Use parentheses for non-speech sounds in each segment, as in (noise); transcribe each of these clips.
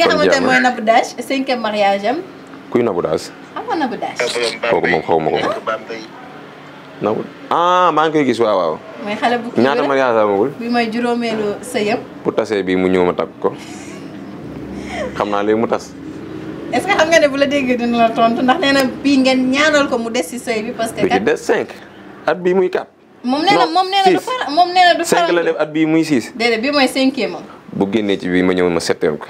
Ah, ki nga xamante ne mooy Nabou Dash cinquième mariage am. kuy Nabou Dash. xam nga Nabou Dash. kooku moom xaw ma ko Nabou ah maa ngi koy gis waaw waaw. mooy xale bu kii ñaata mariage amagul. bi mooy juróomeelu sëyam. bu tasee bii mu ñëw ma takk ko xam naa léegi mu tas. est-ce que xam nga ne bu la déggee dina la tontu ndax nee na bii ngeen ñaanal ko mu des si sëy bi parce que. kat des cinq at bii muy quatre. moom nee na moom nee na du fara moom nee na du fara. cinq la def at bii muy six. déedéet bii mooy cinquième am. bu génnee ci bii ma ñëw ma septième ko.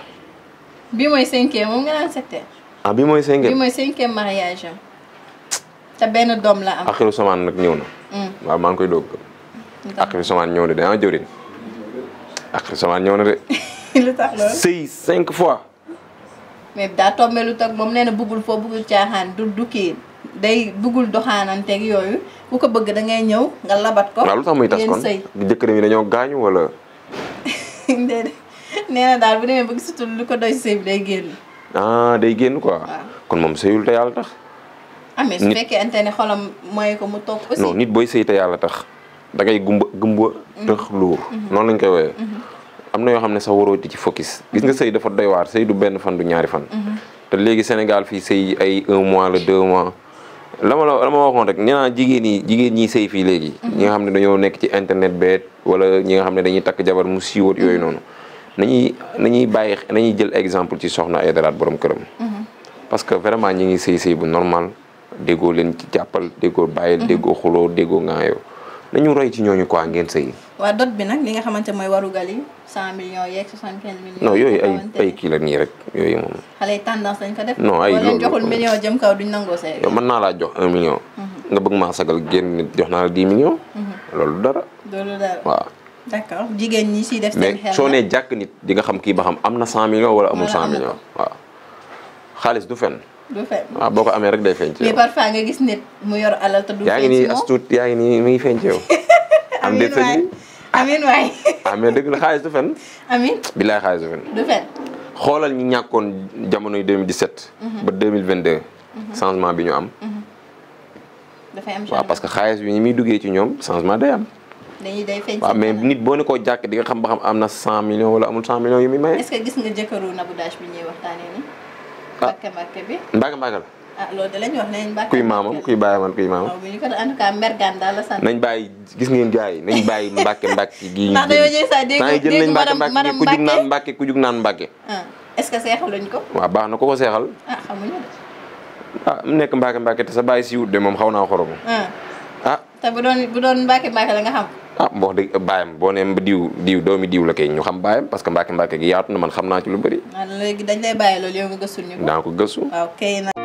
bi mooy cinq moom nga naan septième. ah bi mooy cinquième mooy cinquième mariage am. te benn doom la am. axiru samaan nag ñëw na. Mm. waaw maa ngi koy doog. axiru ñëw na de ah, ñëw na de. (laughs) lu tax loolu sëy cinq fois. mais daa tombé lu tax moom nee na bëggul foo bëggul caaxaan du du day bëggul doxaananteeg yooyu ku ko bëgg da ngay ñëw nga labat ko. waaw lu tax muy tas kon jëkkër yi dañoo gaañu wala. (laughs) déedéet. nee daal bu demee ba gisatul lu ko doy sëy bi day génn. ah day génn quoi. Ah. kon moom sëyul te yàlla tax. ah mais ko mu toog nit booy sëy yàlla tax da gumba gumba mhm. tëx luur. Mhm. noonu lañ koy woowee. Mhm. na yoo xam ne sax waroo ci focus. gis nga sëy dafa doy waar sëy du benn fan du ñaari fan. te léegi Sénégal fii sëy ay un mois la deux mois. la ma la la ma waxoon rek nee naa jigéen ñi jigéen ñi sëy fii léegi. ñi nga xam ne dañoo nekk ci internet beet wala ñi nga xam ne dañuy takk jabar mu siiwat yooyu noonu. nañuy nañuy bàyyi nañuy jël exemple ci soxna ay daraat borom këram. Mhm. parce que vraiment ñi ngi sëy sëy bu normal déggoo leen ci jàppal déggoo bàyyil mhm. déggoo xuloo déggoo ngaayoo nañu roy ci ñooñu quoi ngeen sëy. waaw dot bi nag li nga xamante mooy warugal yi 100 millions yeeg 75 yooyu ay ay kii la nii rek yooyu moom. xale yi tendance lañ ko def. non ay joxul million jëm kaw duñ nangoo see. yow mën naa la jox 1 million. Mhm. nga bëgg maa sagal génn jox naa la 10 loolu dara. loolu d'accord jigéen ñi si def seen xel mais soo jàkk nit di nga xam kii ba xam am na 100 millions wala amul 100 millions waaw xaalis du fen du ah, boo ko amee rek day feeñ ci yaa ngi nii astuut yaa ngi nii mi ngi feeñ yow. (laughs) am déet sëñ bi amiin waay ah. amiin waay. Ah, dëgg la xaalis du fen. amiin bilaay xaalis du fen. du fen xoolal ñi ñàkkoon jamonoy 2017. Mhm. ba mhm. changement bi ñu am. Mhm. waa parce que xaalis bi ni muy duggee ci ñoom changement day am. dañuy day feeñ nit boo ne koo jàkk di xam ba xam am na 100 millions wala amul 100 millions yu muy maye. est que gis nga jëkkëru Nabou Dash bi ñuy waxtaanee nii. ah kuy maamam kuy bàyyiwaat bàyyi gis ngeen gars yi nañ bàyyi mbàkk mbàkk gii. ndax dañoo jël sax dégg mbàkk ku jug naan mbàkk ku jug naan mbàkk. Ah, est-ce que seexaluñ ko. waaw baax na ko ko seexal. ah, ah mu nekk mbàkk mbàkk te sa bàyyi si de moom xaw na xorom ah. te bu doon bu doon Mbacke Mbacke la nga xam. ah wax dëgg baayam boo nee diw doomi diw la kay ñu xam baayam parce que Mbacke Mbacke gi yaatu na man xam naa ci lu bëri. Ah, léegi dañ lay bàyyi loolu yow nga gëstu ñu ko. naa ko waaw ah, kay na.